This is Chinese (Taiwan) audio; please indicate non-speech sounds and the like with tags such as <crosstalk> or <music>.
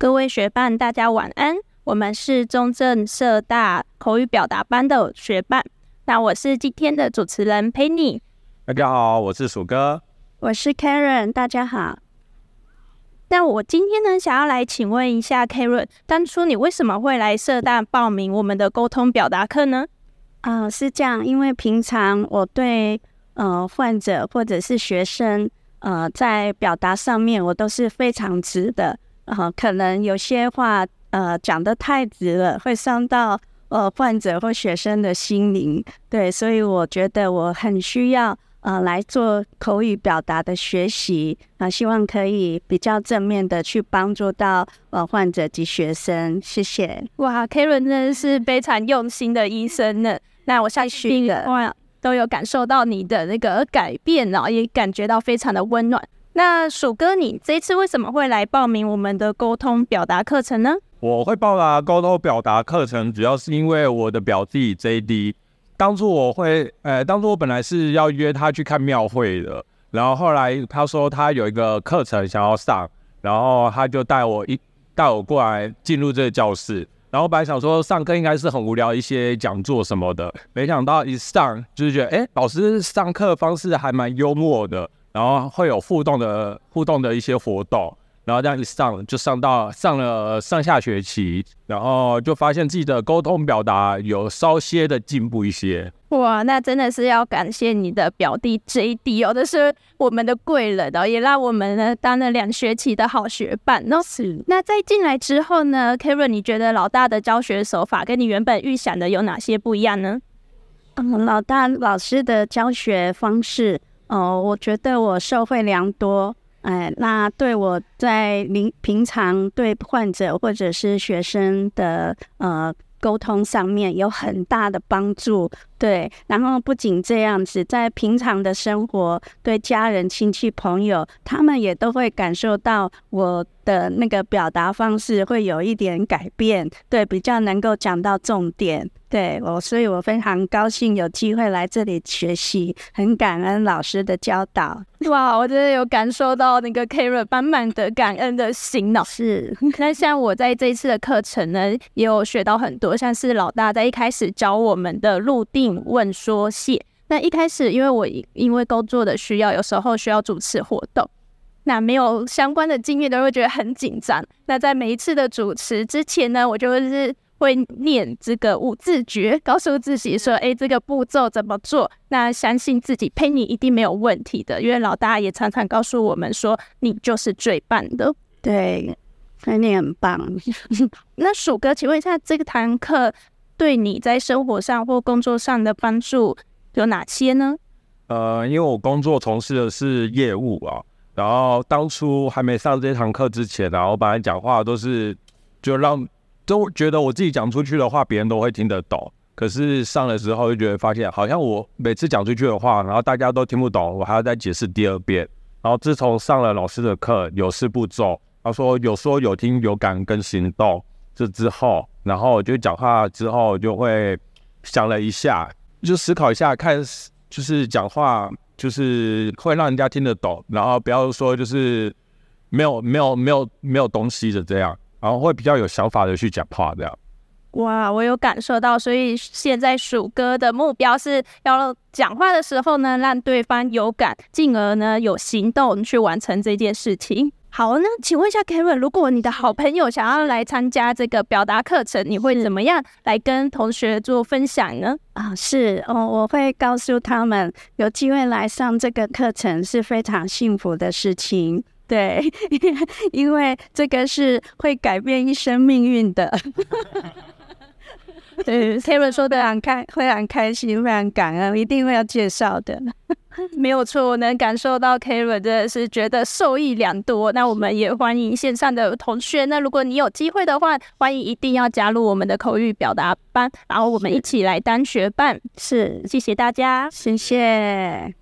各位學伴，大家晚安。我們是中正社大口語表達班的學伴，那我是今天的主持人 Penny。大家好，我是鼠哥，我是 Karen。大家好。那我今天呢，想要來請問一下 Karen，當初你為什麼會來社大報名我們的溝通表達課呢？啊、呃，是這樣，因為平常我對呃患者、或者是學生呃在表達上面，我都是非常直的。啊，可能有些話，呃，講得太直了，會傷到呃患者或學生的心靈，對，所以我覺得我很需要呃來做口語表達的學習啊、呃，希望可以比較正面的去幫助到呃患者及學生。謝謝。哇，Karen 真的是非常用心的醫生呢，嗯、那我下去的話都有感受到你的那個改變然後、哦、也感覺到非常的溫暖。那鼠哥，你這一次為什麼會來報名我們的溝通表達課程呢？我會報答溝通表達課程，主要是因為我的表弟 JD，當初我會，呃、欸，當初我本來是要約他去看廟會的，然後後來他說他有一個課程想要上，然後他就帶我一帶我過來進入這個教室，然後本來想說上課應該是很無聊，一些講座什麼的，沒想到一上就是覺得，哎、欸，老師上課方式還蠻幽默的。然後會有互動的互動的一些活動，然後這樣一上就上到上了上下學期，然後就發現自己的溝通表達有稍些的進步一些。哇，那真的是要感謝你的表弟 JD 哦這是我們的貴人，哦，然後也讓我們呢當了兩學期的好學伴，哦。那是。那再進來之後呢，Karen，你覺得老大的教學手法跟你原本預想的有哪些不一樣呢？嗯，老大老師的教學方式。哦，oh, 我覺得我受惠良多，哎、嗯，那對我在平平常對患者或者是學生的呃溝通上面有很大的幫助，對。然後不僅這樣子，在平常的生活，對家人、親戚、朋友，他們也都會感受到我的那個表達方式會有一點改變，對，比較能夠講到重點。對我，所以我非常高興有機會來這裡學習，很感恩老師的教導。哇，我真的有感受到那個 Karen 滿滿的感恩的心呢、哦。是， <laughs> 那像我在這一次的課程呢，也有學到很多，像是老大在一開始教我們的入定問說謝。那一開始，因為我因為工作的需要，有時候需要主持活動，那沒有相關的經驗都會覺得很緊張。那在每一次的主持之前呢，我就是。會念這個五字訣，告訴自己說：“哎、欸，這個步驟怎麼做？”那相信自己，陪你一定沒有問題的。因為老大也常常告訴我們說：“你就是最棒的。”對，你很棒。 <laughs> 那鼠哥，請問一下，這個、堂課對你在生活上或工作上的幫助有哪些呢？呃，因為我工作從事的是業務啊，然後當初還沒上這堂課之前、啊，然後我本來講話都是就讓。都覺得我自己講出去的話，別人都會聽得懂。可是上的時候就覺得發現，好像我每次講出去的話，然後大家都聽不懂，我還要再解釋第二遍。然後自從上了老師的課，有四步驟，他說有說有聽有感跟行動。這之後，然後就講話之後就會想了一下，就思考一下看，看就是講話就是會讓人家聽得懂，然後不要說就是沒有沒有沒有沒有東西的這樣。然後會比較有想法的去講話，這樣。哇，我有感受到，所以現在鼠哥的目標是要講話的時候呢，讓對方有感，進而呢有行動去完成這件事情。好呢，那請問一下 Karen，如果你的好朋友想要來參加這個表達課程，你會怎麼樣來跟同學做分享呢？啊、哦，是哦，我會告訴他們，有機會來上這個課程是非常幸福的事情。對，因為這個是會改變一生命運的。 <laughs> 對 <laughs> ，Karen 說的很開，非常開心，非常感恩，一定會要介紹的。 <laughs> 沒有錯，我能感受到 Karen 真的是覺得受益良多。是那我們也歡迎線上的同學，那如果你有機會的話，歡迎一定要加入我們的口語表達班，然後我們一起來當學伴。是，是，謝謝大家，謝謝。